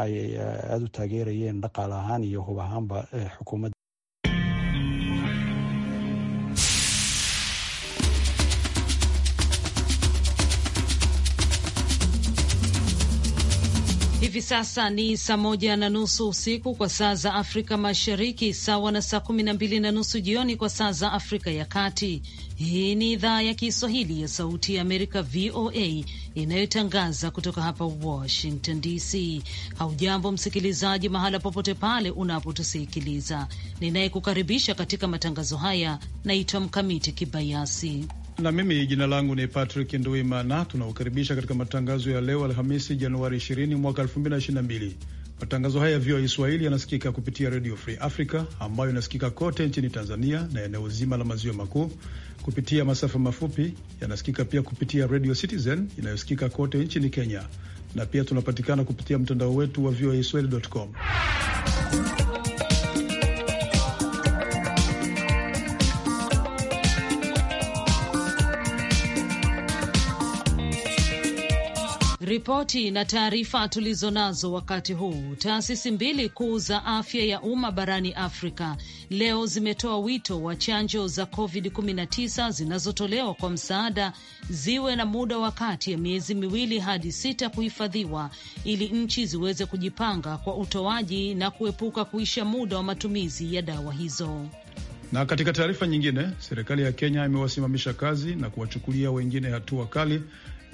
ayay eh, aada u taageerayeen dhaqaal ahaan iyo hub ahaanba eh, xukuumadda Hivi sasa ni saa moja na nusu usiku kwa saa za Afrika Mashariki, sawa na saa kumi na mbili na nusu jioni kwa saa za Afrika ya Kati. Hii ni idhaa ya Kiswahili ya Sauti ya Amerika, VOA, inayotangaza kutoka hapa Washington DC. Haujambo msikilizaji, mahala popote pale unapotusikiliza. Ninayekukaribisha katika matangazo haya naitwa Mkamiti Kibayasi na mimi jina langu ni Patrick Nduimana. Tunakukaribisha katika matangazo ya leo Alhamisi, Januari 20 mwaka 2022. Matangazo haya ya VOA Swahili yanasikika kupitia Radio Free Africa ambayo inasikika kote nchini Tanzania na eneo zima la maziwa makuu kupitia masafa mafupi. Yanasikika pia kupitia Radio Citizen inayosikika kote nchini Kenya, na pia tunapatikana kupitia mtandao wetu wa voaswahili.com. ripoti na taarifa tulizo nazo wakati huu, taasisi mbili kuu za afya ya umma barani Afrika leo zimetoa wito wa chanjo za COVID-19 zinazotolewa kwa msaada ziwe na muda wa kati ya miezi miwili hadi sita kuhifadhiwa ili nchi ziweze kujipanga kwa utoaji na kuepuka kuisha muda wa matumizi ya dawa hizo. Na katika taarifa nyingine, serikali ya Kenya imewasimamisha kazi na kuwachukulia wengine hatua kali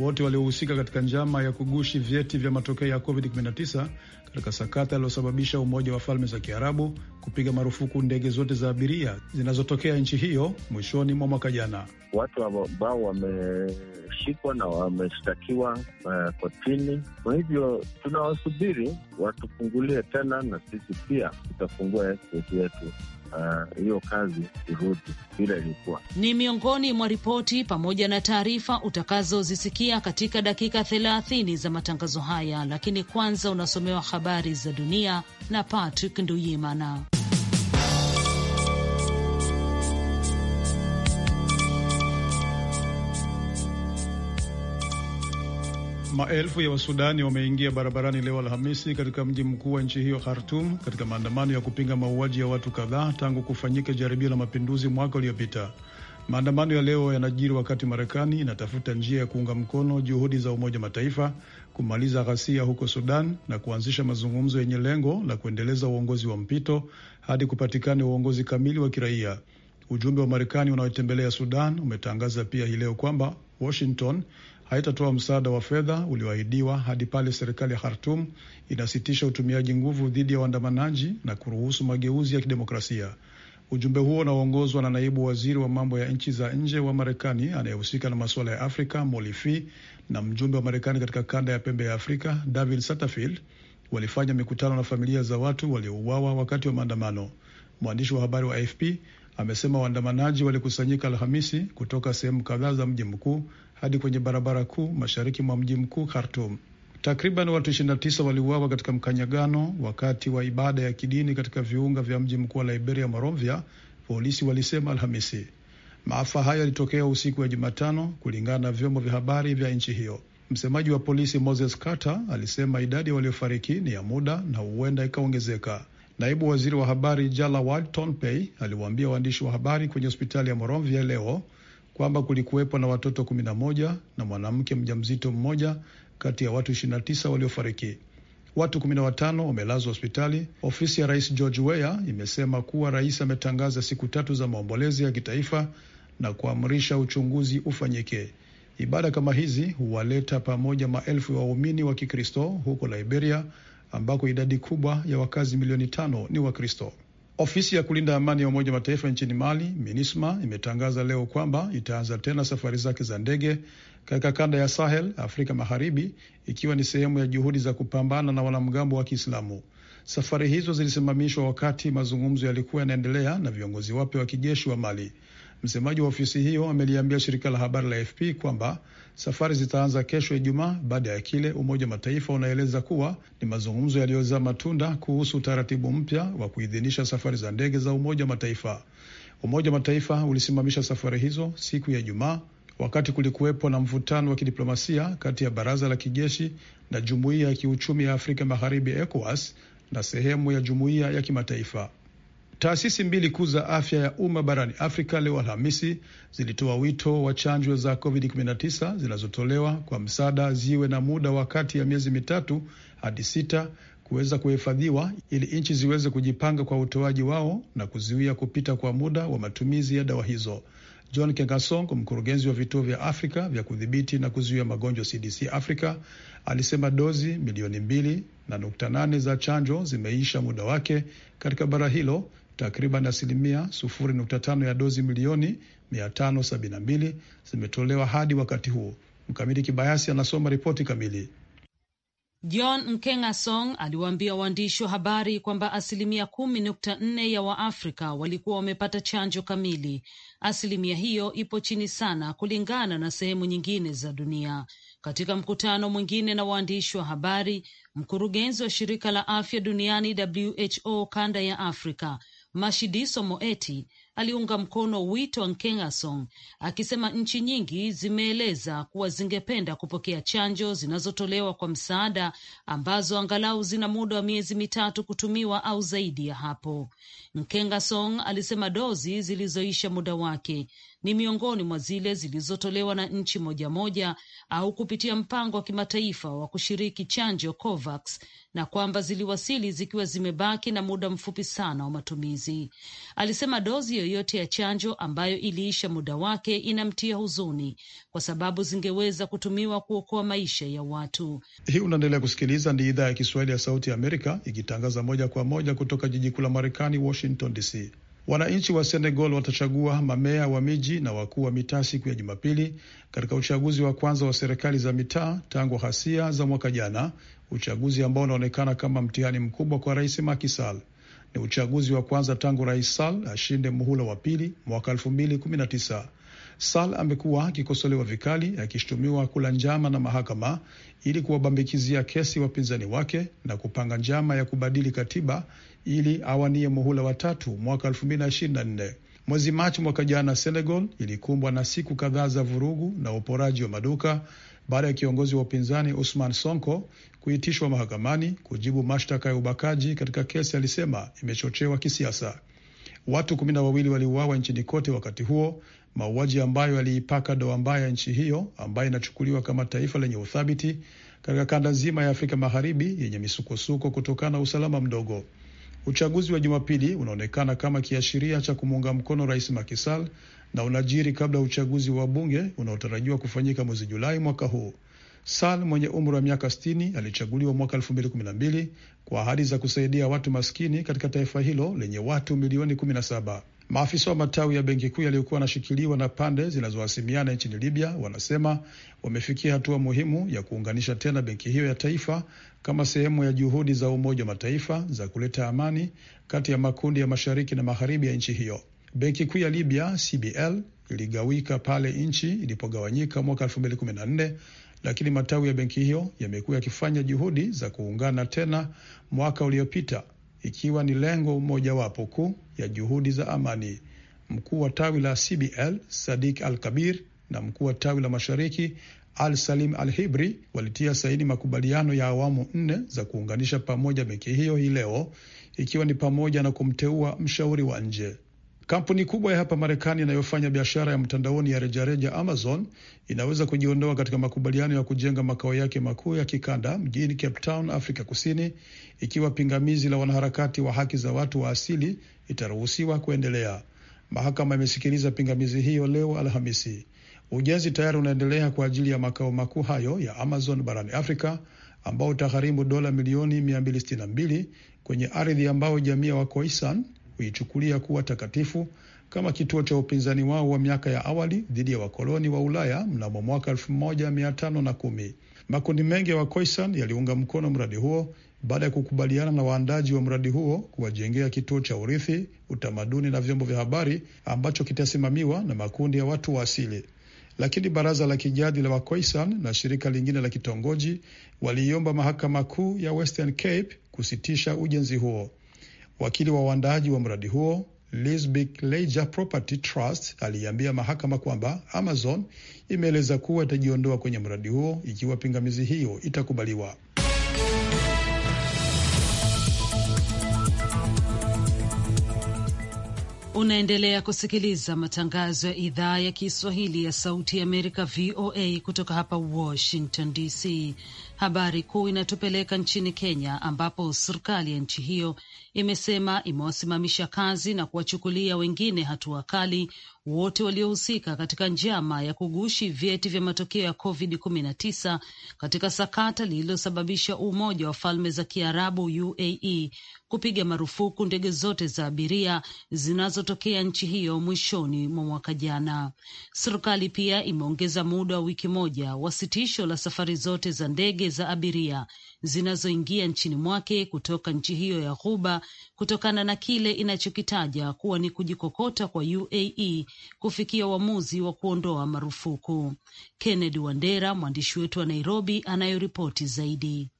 wote waliohusika katika njama ya kugushi vyeti vya matokeo ya COVID-19 katika sakata lililosababisha Umoja wa Falme za Kiarabu kupiga marufuku ndege zote za abiria zinazotokea nchi hiyo mwishoni mwa mwaka jana. Watu ambao wameshikwa na wameshtakiwa uh, kotini. Kwa hivyo tunawasubiri watufungulie tena, na sisi pia tutafungua kesi yetu. Uh, hiyo uh, kazi irudi vile ilikuwa. Ni miongoni mwa ripoti pamoja na taarifa utakazozisikia katika dakika thelathini za matangazo haya, lakini kwanza unasomewa habari za dunia na Patrick Nduyimana. Maelfu ya Wasudani wameingia barabarani leo Alhamisi katika mji mkuu wa nchi hiyo Khartum, katika maandamano ya kupinga mauaji ya watu kadhaa tangu kufanyika jaribio la mapinduzi mwaka uliopita. Maandamano ya leo yanajiri wakati Marekani inatafuta njia ya kuunga mkono juhudi za Umoja Mataifa kumaliza ghasia huko Sudan na kuanzisha mazungumzo yenye lengo la kuendeleza uongozi wa mpito hadi kupatikana uongozi kamili wa kiraia. Ujumbe wa Marekani unaotembelea Sudan umetangaza pia hii leo kwamba Washington haitatoa msaada wa fedha ulioahidiwa hadi pale serikali ya Khartum inasitisha utumiaji nguvu dhidi ya waandamanaji na kuruhusu mageuzi ya kidemokrasia. Ujumbe huo unaoongozwa na naibu waziri wa mambo ya nchi za nje wa Marekani anayehusika na masuala ya Afrika Molifi na mjumbe wa Marekani katika kanda ya pembe ya Afrika David Satterfield walifanya mikutano na familia za watu waliouawa wakati wa maandamano. Mwandishi wa habari wa AFP amesema waandamanaji walikusanyika Alhamisi kutoka sehemu kadhaa za mji mkuu hadi kwenye barabara kuu mashariki mwa mji mkuu Khartum. Takriban watu 29 waliuawa katika mkanyagano wakati wa ibada ya kidini katika viunga vya mji mkuu wa Liberia, Monrovia, polisi walisema Alhamisi. Maafa hayo yalitokea usiku wa Jumatano, kulingana na vyombo vya habari vya nchi hiyo. Msemaji wa polisi Moses Carter alisema idadi waliofariki ni ya muda na huenda ikaongezeka. Naibu waziri wa habari Jalawad Tonpey aliwaambia waandishi wa habari kwenye hospitali ya moromvia leo kwamba kulikuwepo na watoto 11 na mwanamke mjamzito mmoja kati ya watu 29 waliofariki. Watu 15 wamelazwa hospitali. Ofisi ya Rais George Weah imesema kuwa rais ametangaza siku tatu za maombolezi ya kitaifa na kuamrisha uchunguzi ufanyike. Ibada kama hizi huwaleta pamoja maelfu ya waumini wa Kikristo huko Liberia ambako idadi kubwa ya wakazi milioni tano ni Wakristo. Ofisi ya kulinda amani ya Umoja Mataifa nchini Mali, MINISMA, imetangaza leo kwamba itaanza tena safari zake za ndege katika kanda ya Sahel, Afrika Magharibi, ikiwa ni sehemu ya juhudi za kupambana na wanamgambo wa Kiislamu. Safari hizo zilisimamishwa wakati mazungumzo yalikuwa yanaendelea na viongozi wapya wa kijeshi wa Mali. Msemaji wa ofisi hiyo ameliambia shirika la habari la fp kwamba safari zitaanza kesho Ijumaa baada ya kile Umoja wa Mataifa unaeleza kuwa ni mazungumzo yaliyozaa matunda kuhusu utaratibu mpya wa kuidhinisha safari za ndege za Umoja wa Mataifa. Umoja wa Mataifa ulisimamisha safari hizo siku ya Ijumaa wakati kulikuwepo na mvutano wa kidiplomasia kati ya baraza la kijeshi na jumuiya ya kiuchumi ya Afrika Magharibi ECOWAS na sehemu ya jumuiya ya kimataifa. Taasisi mbili kuu za afya ya umma barani Afrika leo Alhamisi zilitoa wito wa chanjo za COVID-19 zinazotolewa kwa msaada ziwe na muda wa kati ya miezi mitatu hadi sita kuweza kuhifadhiwa ili nchi ziweze kujipanga kwa utoaji wao na kuzuia kupita kwa muda wa matumizi ya dawa hizo. John Kengasong, mkurugenzi wa vituo vya Afrika vya kudhibiti na kuzuia magonjwa CDC Africa, alisema dozi milioni mbili na nukta nane za chanjo zimeisha muda wake katika bara hilo takriban asilimia 0.5 ya dozi milioni 572 zimetolewa hadi wakati huo Mkamili Kibayasi anasoma ripoti kamili. John Mkenga Song aliwaambia waandishi wa habari kwamba asilimia kumi nukta nne ya Waafrika walikuwa wamepata chanjo kamili. Asilimia hiyo ipo chini sana kulingana na sehemu nyingine za dunia. Katika mkutano mwingine na waandishi wa habari, mkurugenzi wa shirika la afya duniani WHO kanda ya Afrika Mashidiso Moeti aliunga mkono wito wa Nkengasong akisema nchi nyingi zimeeleza kuwa zingependa kupokea chanjo zinazotolewa kwa msaada ambazo angalau zina muda wa miezi mitatu kutumiwa au zaidi ya hapo. Nkengasong alisema dozi zilizoisha muda wake ni miongoni mwa zile zilizotolewa na nchi moja moja au kupitia mpango wa kimataifa wa kushiriki chanjo COVAX na kwamba ziliwasili zikiwa zimebaki na muda mfupi sana wa matumizi. Alisema dozi yoyote ya chanjo ambayo iliisha muda wake inamtia huzuni, kwa sababu zingeweza kutumiwa kuokoa maisha ya watu. Hii unaendelea kusikiliza, ni idhaa ya Kiswahili ya Sauti ya Amerika ikitangaza moja kwa moja kutoka jiji kuu la Marekani, Washington DC. Wananchi wa Senegal watachagua mameya wa miji na wakuu wa mitaa siku ya Jumapili katika uchaguzi wa kwanza wa serikali za mitaa tangu ghasia za mwaka jana, uchaguzi ambao unaonekana kama mtihani mkubwa kwa Rais Macky Sall. Ni uchaguzi wa kwanza tangu Rais Sall ashinde muhula wa pili mwaka 2019. Sal amekuwa akikosolewa vikali, akishutumiwa kula njama na mahakama ili kuwabambikizia kesi wapinzani wake na kupanga njama ya kubadili katiba ili awanie muhula watatu mwaka 2024. Mwezi Machi mwaka jana, Senegal ilikumbwa na siku kadhaa za vurugu na uporaji wa maduka baada ya kiongozi wa upinzani Usman Sonko kuitishwa mahakamani kujibu mashtaka ya ubakaji katika kesi alisema imechochewa kisiasa. Watu kumi na wawili waliuawa nchini kote wakati huo mauaji ambayo yaliipaka doa mbaya nchi hiyo ambayo inachukuliwa kama taifa lenye uthabiti katika kanda nzima ya Afrika Magharibi yenye misukosuko kutokana na usalama mdogo. Uchaguzi wa Jumapili unaonekana kama kiashiria cha kumuunga mkono Rais Macky Sall na unajiri kabla ya uchaguzi wa bunge unaotarajiwa kufanyika mwezi Julai mwaka huu. Sall mwenye umri wa miaka 60 alichaguliwa mwaka 2012 kwa ahadi za kusaidia watu maskini katika taifa hilo lenye watu milioni 17. Maafisa wa matawi ya benki kuu yaliyokuwa anashikiliwa na pande zinazohasimiana nchini Libya wanasema wamefikia hatua muhimu ya kuunganisha tena benki hiyo ya taifa kama sehemu ya juhudi za Umoja wa Mataifa za kuleta amani kati ya makundi ya mashariki na magharibi ya nchi hiyo. Benki kuu ya Libya CBL iligawika pale nchi ilipogawanyika mwaka 2014 lakini matawi ya benki hiyo yamekuwa yakifanya juhudi za kuungana tena mwaka uliopita ikiwa ni lengo mojawapo kuu ya juhudi za amani. Mkuu wa tawi la CBL Sadik Al Kabir na mkuu wa tawi la mashariki Al Salim Al Hibri walitia saini makubaliano ya awamu nne za kuunganisha pamoja benki hiyo hii leo, ikiwa ni pamoja na kumteua mshauri wa nje. Kampuni kubwa ya hapa Marekani inayofanya biashara ya mtandaoni ya rejareja Amazon inaweza kujiondoa katika makubaliano ya kujenga makao yake makuu ya kikanda mjini Cape Town, Afrika Kusini, ikiwa pingamizi la wanaharakati wa haki za watu wa asili itaruhusiwa kuendelea. Mahakama imesikiliza pingamizi hiyo leo Alhamisi. Ujenzi tayari unaendelea kwa ajili ya makao makuu hayo ya Amazon barani Afrika ambao utagharimu dola milioni 262 kwenye ardhi ambayo jamii ya Wakoisan kuichukulia kuwa takatifu kama kituo cha upinzani wao wa miaka ya awali dhidi ya wakoloni wa Ulaya mnamo mwaka 1510. Makundi mengi ya Wakoisan yaliunga mkono mradi huo baada ya kukubaliana na waandaji wa mradi huo kuwajengea kituo cha urithi, utamaduni na vyombo vya habari ambacho kitasimamiwa na makundi ya watu wa asili. Lakini baraza la kijadi la Wakoisan na shirika lingine la kitongoji waliiomba mahakama kuu ya Western Cape kusitisha ujenzi huo. Wakili wa uandaaji wa mradi huo lisbic Leisure Property Trust aliiambia mahakama kwamba Amazon imeeleza kuwa itajiondoa kwenye mradi huo ikiwa pingamizi hiyo itakubaliwa. Unaendelea kusikiliza matangazo ya idhaa ya Kiswahili ya Sauti ya Amerika, VOA, kutoka hapa Washington DC. Habari kuu inatupeleka nchini Kenya ambapo serikali ya nchi hiyo imesema imewasimamisha kazi na kuwachukulia wengine hatua kali wote waliohusika katika njama ya kugushi vyeti vya matokeo ya COVID-19 katika sakata lililosababisha Umoja wa Falme za Kiarabu UAE kupiga marufuku ndege zote za abiria zinazotokea nchi hiyo mwishoni mwa mwaka jana. Serikali pia imeongeza muda wa wiki moja wa sitisho la safari zote za ndege za abiria zinazoingia nchini mwake kutoka nchi hiyo ya Ghuba kutokana na kile inachokitaja kuwa ni kujikokota kwa UAE kufikia uamuzi wa kuondoa marufuku. Kennedy Wandera, mwandishi wetu wa Nairobi, anayoripoti zaidi.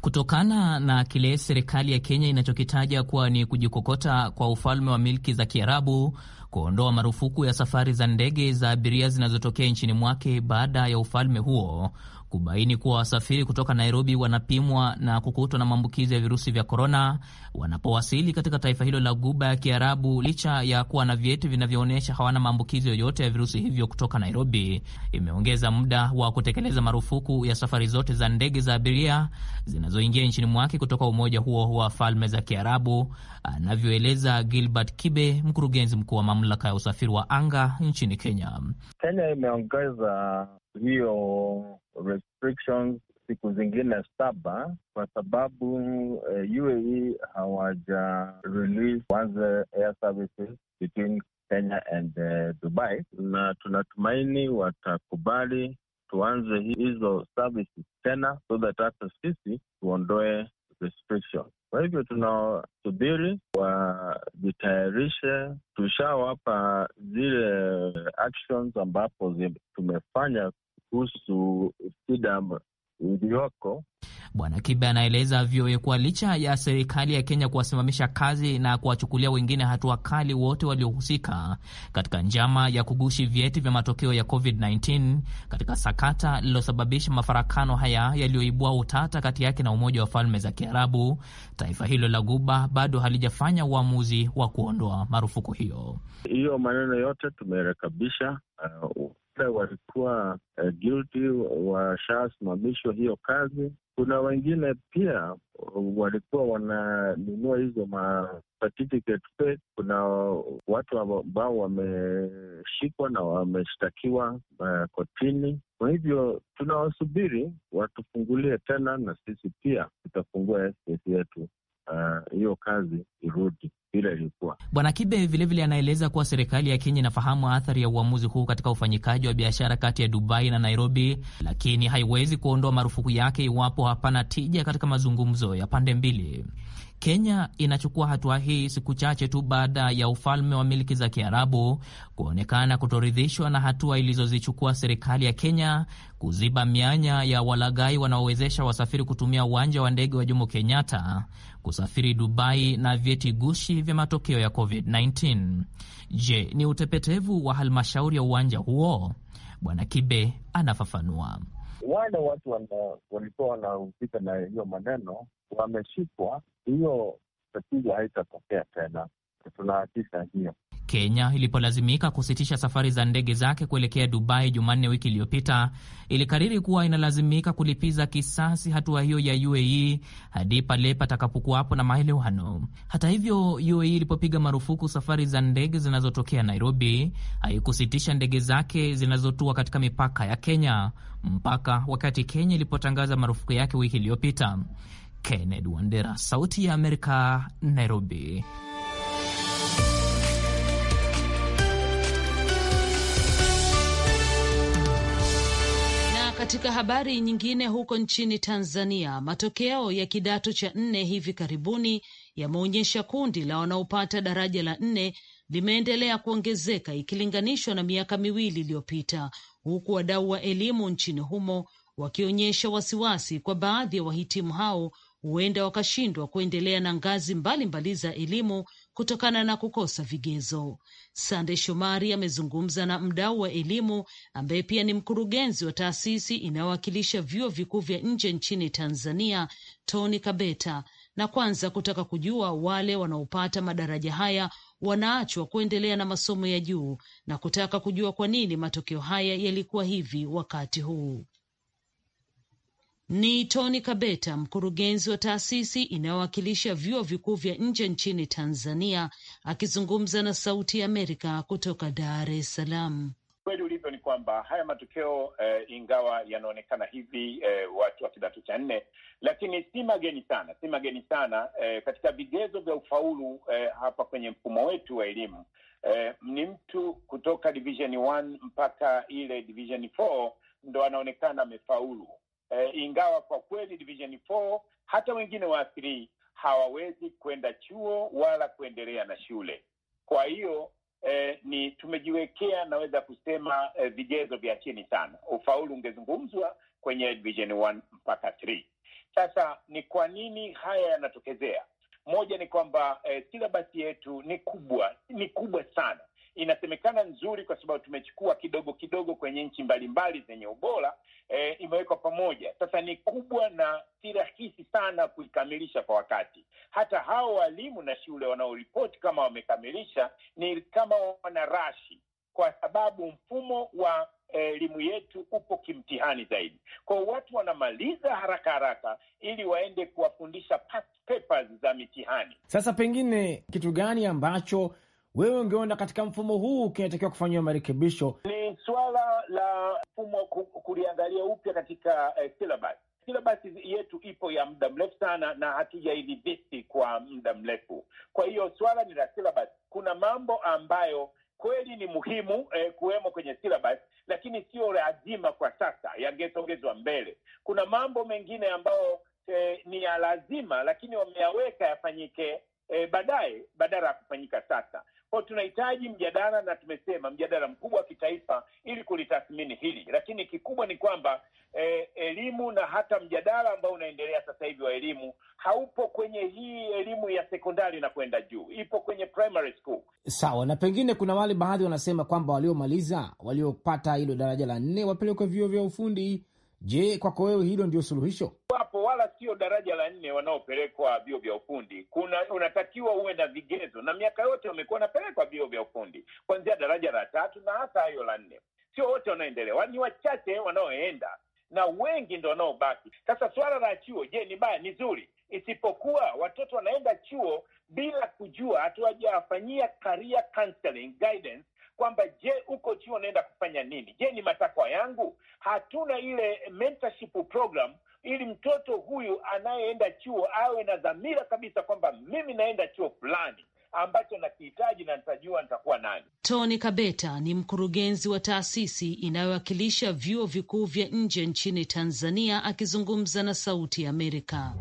Kutokana na kile serikali ya Kenya inachokitaja kuwa ni kujikokota kwa ufalme wa milki za Kiarabu kuondoa marufuku ya safari za ndege za abiria zinazotokea nchini mwake baada ya ufalme huo kubaini kuwa wasafiri kutoka Nairobi wanapimwa na kukutwa na maambukizi ya virusi vya korona wanapowasili katika taifa hilo la Guba ya Kiarabu, licha ya kuwa na vyeti vinavyoonyesha hawana maambukizi yoyote ya virusi hivyo kutoka Nairobi. Imeongeza muda wa kutekeleza marufuku ya safari zote za ndege za abiria zinazoingia nchini mwake kutoka umoja huo wa falme za Kiarabu, anavyoeleza Gilbert Kibe, mkurugenzi mkuu wa mamlaka ya usafiri wa anga nchini Kenya. Kenya imeongeza hiyo restrictions siku zingine saba kwa sababu uh, eh, UAE hawaja release kwanza air services between Kenya and uh, Dubai, na tunatumaini watakubali tuanze hizo services tena so that hata sisi tuondoe restrictions. Kwa hivyo tunasubiri wajitayarishe, tushawapa zile actions ambapo zi, tumefanya kuhusu shida iliyoko. Bwana Kibe anaeleza VOA kuwa licha ya serikali ya Kenya kuwasimamisha kazi na kuwachukulia wengine hatua kali wote waliohusika katika njama ya kugushi vyeti vya matokeo ya COVID-19 katika sakata lililosababisha mafarakano haya yaliyoibua utata kati yake na Umoja wa Falme za Kiarabu, taifa hilo la Guba bado halijafanya uamuzi wa kuondoa marufuku hiyo. Hiyo maneno yote tumerekebisha. Uh, labda walikuwa uh, guilty washasimamishwa hiyo kazi. Kuna wengine pia walikuwa wananunua hizo ma certificate fake. Kuna watu ambao wameshikwa na wameshtakiwa uh, kotini. Kwa hivyo tunawasubiri watufungulie tena, na sisi pia tutafungua kesi yetu. Uh, hiyo uh, kazi irudi vile ilikuwa. Bwana Kibe vilevile anaeleza kuwa serikali ya Kenya inafahamu athari ya uamuzi huu katika ufanyikaji wa biashara kati ya Dubai na Nairobi, lakini haiwezi kuondoa marufuku yake iwapo hapana tija katika mazungumzo ya pande mbili. Kenya inachukua hatua hii siku chache tu baada ya ufalme wa milki za Kiarabu kuonekana kutoridhishwa na hatua ilizozichukua serikali ya Kenya kuziba mianya ya walagai wanaowezesha wasafiri kutumia uwanja wa ndege wa Jomo Kenyatta kusafiri Dubai na vyeti gushi vya matokeo ya COVID-19. Je, ni utepetevu wa halmashauri ya uwanja huo? Bwana Kibe anafafanua wale watu walikuwa wanahusika na hiyo maneno wameshikwa, hiyo tatizo haitatokea tena, tuna hiyo. Kenya ilipolazimika kusitisha safari za ndege zake kuelekea Dubai Jumanne wiki iliyopita, ilikariri kuwa inalazimika kulipiza kisasi hatua hiyo ya UAE hadi pale patakapokuwapo na maelewano. Hata hivyo, UAE ilipopiga marufuku safari za ndege zinazotokea Nairobi, haikusitisha ndege zake zinazotua katika mipaka ya Kenya mpaka wakati Kenya ilipotangaza marufuku yake wiki iliyopita. Kennedy Wandera, Sauti ya Amerika, Nairobi. Katika habari nyingine, huko nchini Tanzania, matokeo ya kidato cha nne hivi karibuni yameonyesha kundi la wanaopata daraja la nne limeendelea kuongezeka ikilinganishwa na miaka miwili iliyopita, huku wadau wa elimu nchini humo wakionyesha wasiwasi kwa baadhi ya wahitimu hao huenda wakashindwa kuendelea na ngazi mbalimbali za elimu kutokana na kukosa vigezo. Sande Shomari amezungumza na mdau wa elimu ambaye pia ni mkurugenzi wa taasisi inayowakilisha vyuo vikuu vya nje nchini Tanzania, Tony Kabeta, na kwanza kutaka kujua wale wanaopata madaraja haya wanaachwa kuendelea na masomo ya juu na kutaka kujua kwa nini matokeo haya yalikuwa hivi wakati huu. Ni Tony Kabeta, mkurugenzi wa taasisi inayowakilisha vyuo vikuu vya nje nchini Tanzania, akizungumza na Sauti ya Amerika kutoka Dar es Salaam. Kweli ulivyo ni kwamba haya matokeo eh, ingawa yanaonekana hivi eh, watu wa kidato cha nne, lakini si mageni sana, si mageni sana eh, katika vigezo vya ufaulu eh, hapa kwenye mfumo wetu wa elimu eh, ni mtu kutoka division one mpaka ile division four ndo anaonekana amefaulu eh, ingawa kwa kweli division 4 hata wengine wa 3 hawawezi kwenda chuo wala kuendelea na shule. Kwa hiyo eh, ni tumejiwekea naweza kusema eh, vigezo vya chini sana. Ufaulu ungezungumzwa kwenye division 1 mpaka 3. Sasa ni kwa nini haya yanatokezea? Moja ni kwamba eh, silabasi yetu ni kubwa, ni kubwa sana inasemekana nzuri kwa sababu tumechukua kidogo kidogo kwenye nchi mbalimbali zenye ubora e, imewekwa pamoja. Sasa ni kubwa na si rahisi sana kuikamilisha kwa wakati. Hata hao walimu na shule wanaoripoti kama wamekamilisha ni kama wana rashi, kwa sababu mfumo wa eh, elimu yetu upo kimtihani zaidi. Kwa watu wanamaliza haraka haraka ili waende kuwafundisha papers za mitihani. Sasa pengine kitu gani ambacho wewe ungeona katika mfumo huu kinatakiwa kufanyiwa marekebisho? Ni swala la mfumo kuliangalia upya katika eh, silabasi. Silabasi yetu ipo ya muda mrefu sana na hatujaidhibiti kwa muda mrefu. Kwa hiyo swala ni la silabasi. Kuna mambo ambayo kweli ni muhimu eh, kuwemo kwenye silabasi, lakini sio lazima kwa sasa, yangesogezwa mbele. Kuna mambo mengine ambayo eh, ni ya lazima, lakini wameyaweka yafanyike eh, baadaye badala ya kufanyika sasa kwao. tunahitaji mjadala, na tumesema mjadala mkubwa wa kitaifa ili kulitathmini hili, lakini kikubwa ni kwamba eh, elimu na hata mjadala ambao unaendelea sasa hivi wa elimu haupo kwenye hii elimu ya sekondari na kwenda juu, ipo kwenye primary school. Sawa, na pengine kuna wale baadhi wanasema kwamba waliomaliza, waliopata hilo daraja la nne wapelekwe vyuo vya ufundi. Je, kwako wewe hilo ndio suluhisho? sio daraja la nne wanaopelekwa vio vya ufundi. Kuna unatakiwa uwe na vigezo, na miaka yote wamekuwa wanapelekwa vio vya ufundi kuanzia daraja la tatu na hasa hayo la nne. Sio wote wanaendelea, ni wachache wanaoenda na wengi ndo wanaobaki. Sasa suala la chuo, je, ni baya? Ni zuri, isipokuwa watoto wanaenda chuo bila kujua, hatuwajawafanyia career counseling guidance kwamba je, uko chuo unaenda kufanya nini? Je, ni matakwa yangu? Hatuna ile mentorship program ili mtoto huyu anayeenda chuo awe na dhamira kabisa kwamba mimi naenda chuo fulani ambacho nakihitaji na nitajua nitakuwa nani. Tony Kabeta ni mkurugenzi wa taasisi inayowakilisha vyuo vikuu vya nje nchini Tanzania akizungumza na Sauti ya Amerika.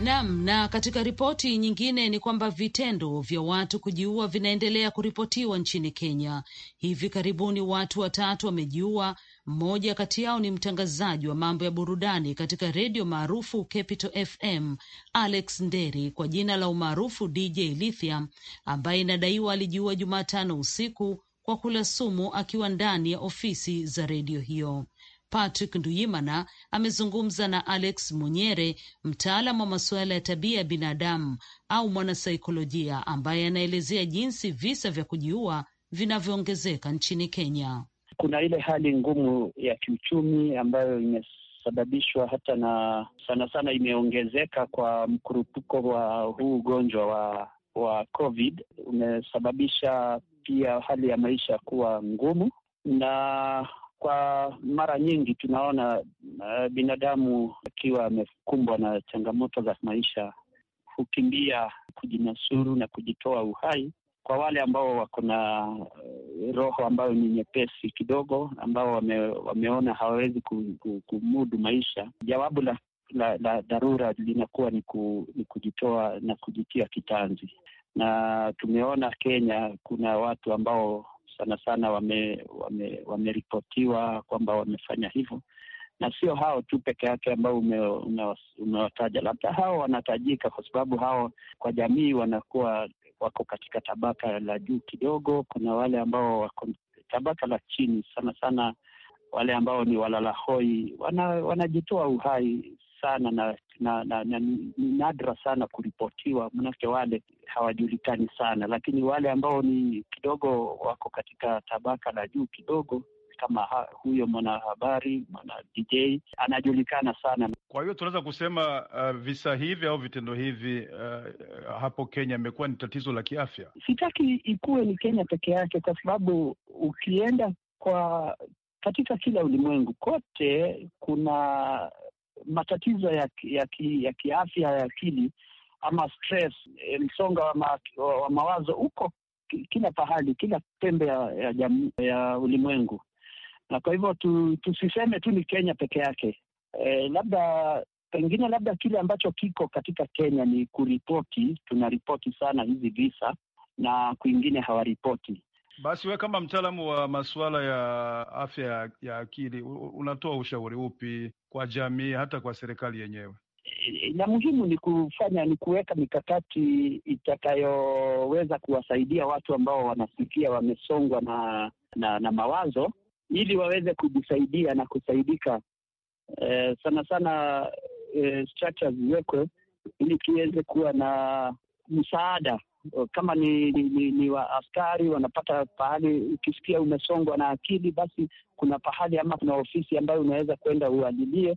nam na katika ripoti nyingine ni kwamba vitendo vya watu kujiua vinaendelea kuripotiwa nchini Kenya. Hivi karibuni watu watatu wamejiua, mmoja kati yao ni mtangazaji wa mambo ya burudani katika redio maarufu Capital FM Alex Nderi kwa jina la umaarufu DJ Lithium, ambaye inadaiwa alijiua Jumatano usiku kwa kula sumu akiwa ndani ya ofisi za redio hiyo. Patrick Nduyimana amezungumza na Alex Munyere, mtaalam wa masuala ya tabia ya binadamu au mwanasaikolojia, ambaye anaelezea jinsi visa vya kujiua vinavyoongezeka nchini Kenya. Kuna ile hali ngumu ya kiuchumi ambayo imesababishwa hata na sana sana imeongezeka kwa mkurupuko wa huu ugonjwa wa wa COVID umesababisha pia hali ya maisha kuwa ngumu, na kwa mara nyingi tunaona uh, binadamu akiwa amekumbwa na changamoto za maisha hukimbia kujinasuru na kujitoa uhai. Kwa wale ambao wako na uh, roho ambayo ni nyepesi kidogo, ambao wame, wameona hawawezi kumudu maisha, jawabu la la, la dharura linakuwa ni, ku, ni kujitoa na kujitia kitanzi, na tumeona Kenya kuna watu ambao sana sana wameripotiwa wame, wame kwamba wamefanya hivyo, na sio hao tu peke yake ambao umewataja, labda hao wanatajika kwa sababu hao kwa jamii wanakuwa wako katika tabaka la juu kidogo. Kuna wale ambao wako tabaka la chini sana sana, wale ambao ni walalahoi wana, wanajitoa uhai sana na na, na, na nadra sana kuripotiwa, manake wale hawajulikani sana, lakini wale ambao ni kidogo wako katika tabaka la juu kidogo kama ha, huyo mwanahabari mwana DJ anajulikana sana. Kwa hiyo tunaweza kusema uh, visa hivi au vitendo hivi uh, hapo Kenya imekuwa ni tatizo la kiafya. Sitaki ikuwe ni Kenya peke yake, kwa sababu ukienda kwa katika kila ulimwengu kote kuna matatizo ya, ya, ya kiafya ya akili ama stress, eh, msonga wa, ma, wa mawazo uko kila pahali, kila pembe ya, ya, jam, ya ulimwengu, na kwa hivyo tu, tusiseme tu ni Kenya peke yake. E, labda pengine labda kile ambacho kiko katika Kenya ni kuripoti. Tunaripoti sana hizi visa na kwingine hawaripoti. Basi we kama mtaalamu wa masuala ya afya ya akili, unatoa ushauri upi kwa jamii, hata kwa serikali yenyewe? na muhimu ni kufanya ni kuweka mikakati itakayoweza kuwasaidia watu ambao wanasikia wamesongwa na, na na mawazo ili waweze kujisaidia na kusaidika. Eh, sana sana eh, structures ziwekwe ili tuweze kuwa na msaada Eh, kama ni, ni, ni, ni wa askari wanapata pahali. Ukisikia umesongwa na akili, basi kuna pahali ama kuna ofisi ambayo unaweza kwenda uajilie,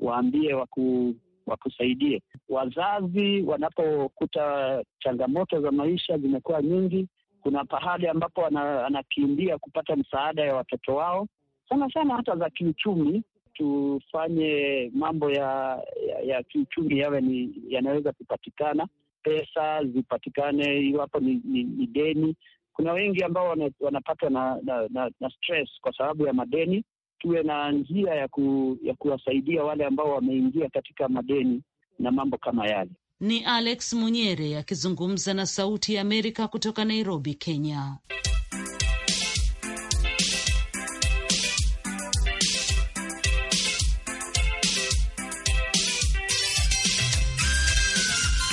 waambie waku wakusaidie. Wazazi wanapokuta changamoto za maisha zimekuwa nyingi, kuna pahali ambapo anakimbia kupata msaada ya watoto wao, sana sana hata za kiuchumi. Tufanye mambo ya ya, ya kiuchumi yawe ni yanaweza kupatikana pesa zipatikane, iwapo ni, ni, ni deni. Kuna wengi ambao wanapatwa na, na, na, na stress kwa sababu ya madeni. Tuwe na njia ya, ku, ya kuwasaidia wale ambao wameingia katika madeni na mambo kama yale. Ni Alex Munyere akizungumza na Sauti ya Amerika kutoka Nairobi, Kenya.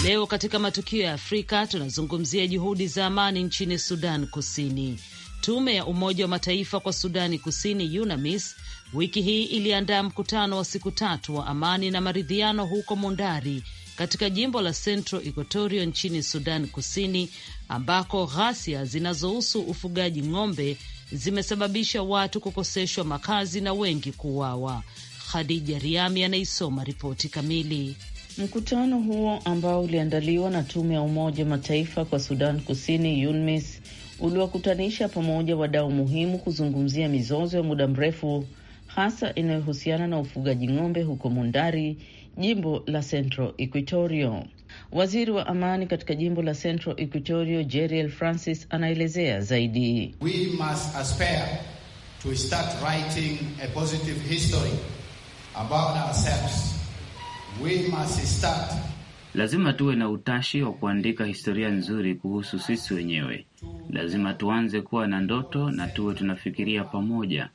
Leo katika matukio ya Afrika tunazungumzia juhudi za amani nchini Sudan Kusini. Tume ya Umoja wa Mataifa kwa Sudani Kusini, UNAMIS, wiki hii iliandaa mkutano wa siku tatu wa amani na maridhiano huko Mundari katika jimbo la Central Equatoria nchini Sudan Kusini, ambako ghasia zinazohusu ufugaji ng'ombe zimesababisha watu kukoseshwa makazi na wengi kuuawa. Khadija Riami anaisoma ripoti kamili. Mkutano huo ambao uliandaliwa na tume ya Umoja Mataifa kwa Sudan Kusini, UNMISS, uliwakutanisha pamoja wadau muhimu kuzungumzia mizozo ya muda mrefu hasa inayohusiana na ufugaji ng'ombe huko Mundari, jimbo la Central Equatoria. Waziri wa amani katika jimbo la Central Equatoria, Jeriel Francis, anaelezea zaidi. We must aspire to start writing a positive history about ourselves We must start. Lazima tuwe na utashi wa kuandika historia nzuri kuhusu sisi wenyewe. Lazima tuanze kuwa na ndoto na tuwe tunafikiria pamoja.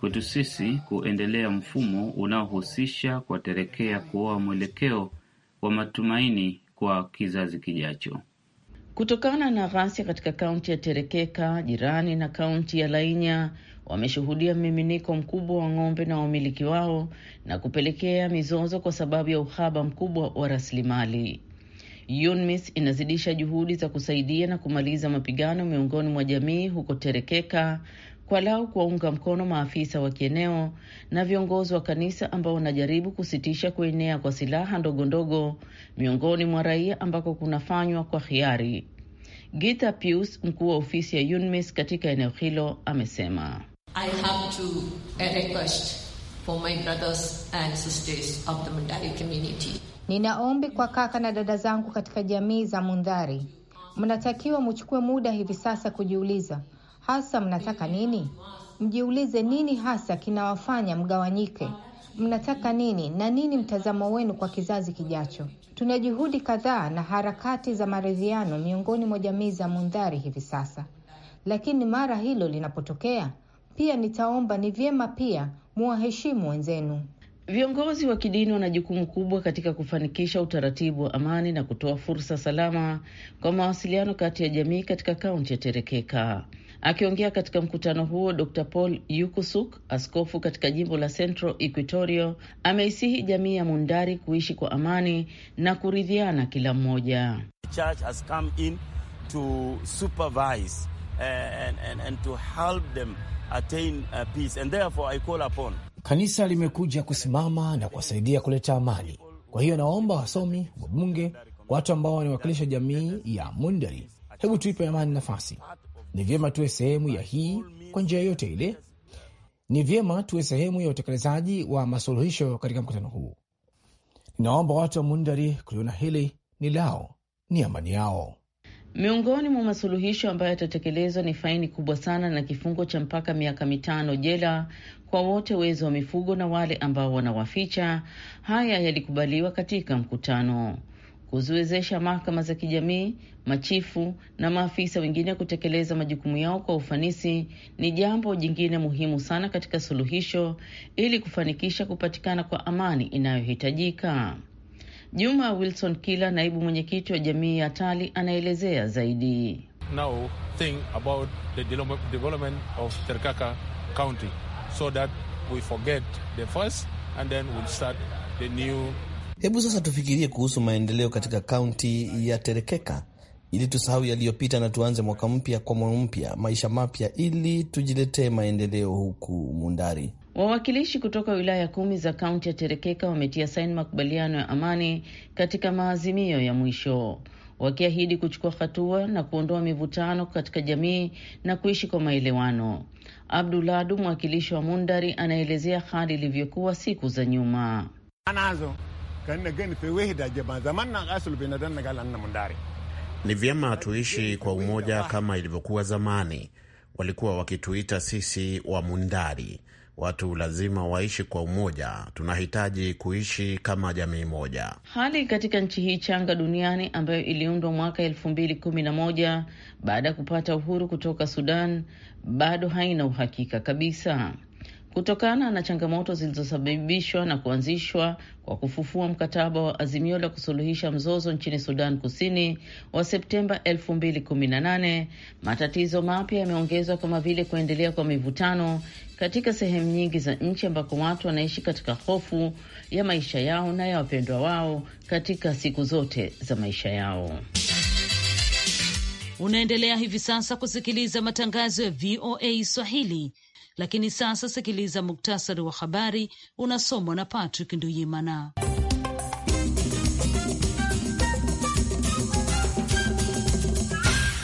Kwetu sisi kuendelea mfumo unaohusisha kuwaterekea kuoa mwelekeo wa matumaini kwa kizazi kijacho kutokana na ghasia katika kaunti ya Terekeka jirani na kaunti ya Lainya, wameshuhudia mmiminiko mkubwa wa ng'ombe na wamiliki wao na kupelekea mizozo kwa sababu ya uhaba mkubwa wa rasilimali. UNMISS inazidisha juhudi za kusaidia na kumaliza mapigano miongoni mwa jamii huko Terekeka kwa lau kuwaunga mkono maafisa wa kieneo na viongozi wa kanisa ambao wanajaribu kusitisha kuenea kwa silaha ndogondogo miongoni mwa raia ambako kunafanywa kwa hiari. Gita Pius, mkuu wa ofisi ya UNMISS katika eneo hilo, amesema I have to uh, Nina ombi kwa kaka na dada zangu katika jamii za Mundhari, mnatakiwa muchukue muda hivi sasa kujiuliza hasa mnataka nini? Mjiulize nini hasa kinawafanya mgawanyike, mnataka nini na nini mtazamo wenu kwa kizazi kijacho. Tuna juhudi kadhaa na harakati za maridhiano miongoni mwa jamii za Mundhari hivi sasa, lakini mara hilo linapotokea, pia nitaomba ni vyema pia muwaheshimu wenzenu. Viongozi wa kidini wana jukumu kubwa katika kufanikisha utaratibu wa amani na kutoa fursa salama kwa mawasiliano kati ya jamii katika kaunti ya Terekeka. Akiongea katika mkutano huo, Dr Paul Yukusuk, askofu katika jimbo la Central Equatoria, ameisihi jamii ya Mundari kuishi kwa amani na kuridhiana kila mmoja. Eh, uh, Kanisa limekuja kusimama na kuwasaidia kuleta amani. Kwa hiyo nawaomba wasomi, wabunge, watu ambao wanawakilisha jamii ya Mundari, hebu tuipe amani nafasi. Ni vyema tuwe sehemu ya hii kwa njia yote ile. Ni vyema tuwe sehemu ya utekelezaji wa masuluhisho katika mkutano huu. Ninaomba watu wa Mundari kuliona hili ni lao, ni amani yao. Miongoni mwa masuluhisho ambayo yatatekelezwa ni faini kubwa sana na kifungo cha mpaka miaka mitano jela kwa wote wezi wa mifugo na wale ambao wanawaficha. Haya yalikubaliwa katika mkutano kuziwezesha mahakama za kijamii, machifu na maafisa wengine kutekeleza majukumu yao kwa ufanisi ni jambo jingine muhimu sana katika suluhisho ili kufanikisha kupatikana kwa amani inayohitajika. Juma Wilson Kila, naibu mwenyekiti wa jamii ya Tali, anaelezea zaidi. Now, think about the development of Terkaka County so that we forget the first and then we'll start the new Hebu sasa tufikirie kuhusu maendeleo katika kaunti ya Terekeka ili tusahau yaliyopita na tuanze mwaka mpya kwa moyo mpya, maisha mapya, ili tujiletee maendeleo huku Mundari. Wawakilishi kutoka wilaya kumi za kaunti ya Terekeka wametia saini makubaliano ya amani katika maazimio ya mwisho, wakiahidi kuchukua hatua na kuondoa mivutano katika jamii na kuishi kwa maelewano. Abduladu, mwakilishi wa Mundari, anaelezea hali ilivyokuwa siku za nyuma. Anazo kanna gani pe wehida jama zaman na asul binadan na gala anna mundari. Ni vyema tuishi kwa umoja kama ilivyokuwa zamani. Walikuwa wakituita sisi wa mundari. Watu lazima waishi kwa umoja, tunahitaji kuishi kama jamii moja. Hali katika nchi hii changa duniani ambayo iliundwa mwaka elfu mbili kumi na moja baada ya kupata uhuru kutoka Sudan bado haina uhakika kabisa kutokana na changamoto zilizosababishwa na kuanzishwa kwa kufufua mkataba wa azimio la kusuluhisha mzozo nchini Sudan Kusini wa Septemba 2018. Matatizo mapya yameongezwa kama vile kuendelea kwa mivutano katika sehemu nyingi za nchi ambako watu wanaishi katika hofu ya maisha yao na ya wapendwa wao katika siku zote za maisha yao. Unaendelea hivi sasa kusikiliza matangazo ya VOA Swahili lakini sasa sikiliza muktasari wa habari unasomwa na Patrick Nduyimana.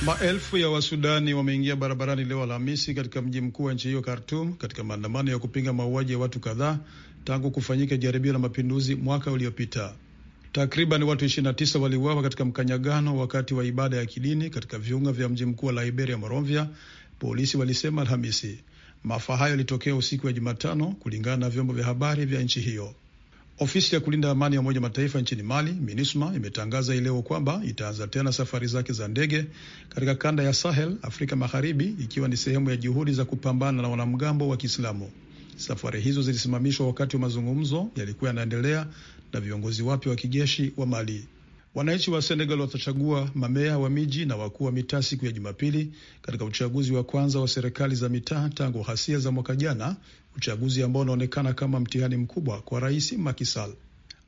Maelfu ya Wasudani wameingia barabarani leo Alhamisi katika mji mkuu wa nchi hiyo Khartum, katika maandamano ya kupinga mauaji ya watu kadhaa tangu kufanyika jaribio la mapinduzi mwaka uliopita. Takriban watu 29 waliuawa katika mkanyagano wakati wa ibada ya kidini katika viunga vya mji mkuu wa Liberia, Monrovia, polisi walisema Alhamisi. Maafa hayo yalitokea usiku ya Jumatano, kulingana na vyombo vya habari vya nchi hiyo. Ofisi ya kulinda amani ya Umoja Mataifa nchini Mali, MINUSMA, imetangaza ileo kwamba itaanza tena safari zake za ndege katika kanda ya Sahel, Afrika Magharibi, ikiwa ni sehemu ya juhudi za kupambana na wanamgambo wa Kiislamu. Safari hizo zilisimamishwa wakati wa mazungumzo yalikuwa yanaendelea na viongozi wapya wa kijeshi wa Mali. Wananchi wa Senegal watachagua mameya wa miji na wakuu wa mitaa siku ya Jumapili katika uchaguzi wa kwanza wa serikali za mitaa tangu ghasia za mwaka jana, uchaguzi ambao unaonekana kama mtihani mkubwa kwa rais Macky Sall.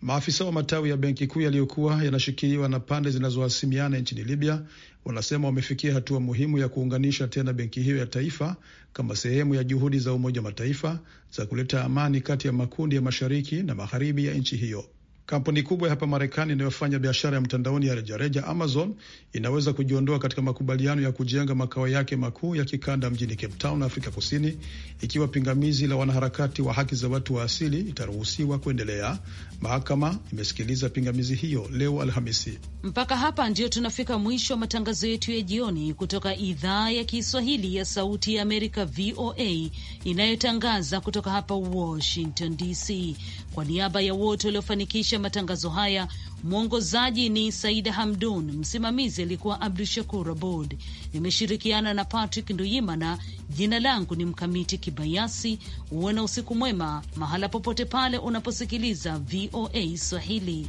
Maafisa wa matawi ya benki kuu yaliyokuwa yanashikiliwa na pande zinazohasimiana nchini Libya wanasema wamefikia hatua muhimu ya kuunganisha tena benki hiyo ya taifa kama sehemu ya juhudi za Umoja wa Mataifa za kuleta amani kati ya makundi ya mashariki na magharibi ya nchi hiyo. Kampuni kubwa ya hapa Marekani inayofanya biashara ya mtandaoni ya rejareja Amazon inaweza kujiondoa katika makubaliano ya kujenga makao yake makuu ya kikanda mjini Cape Town, Afrika Kusini, ikiwa pingamizi la wanaharakati wa haki za watu wa asili itaruhusiwa kuendelea. Mahakama imesikiliza pingamizi hiyo leo Alhamisi. Mpaka hapa ndio tunafika mwisho wa matangazo yetu ya jioni kutoka idhaa ya Kiswahili ya Sauti ya Amerika, VOA, inayotangaza kutoka hapa Washington DC. Kwa niaba ya wote waliofanikisha matangazo haya, mwongozaji ni Saida Hamdun, msimamizi alikuwa Abdu Shakur Abod, nimeshirikiana na Patrick Nduyimana. Jina langu ni Mkamiti Kibayasi. Uwe na usiku mwema mahala popote pale unaposikiliza VOA Swahili.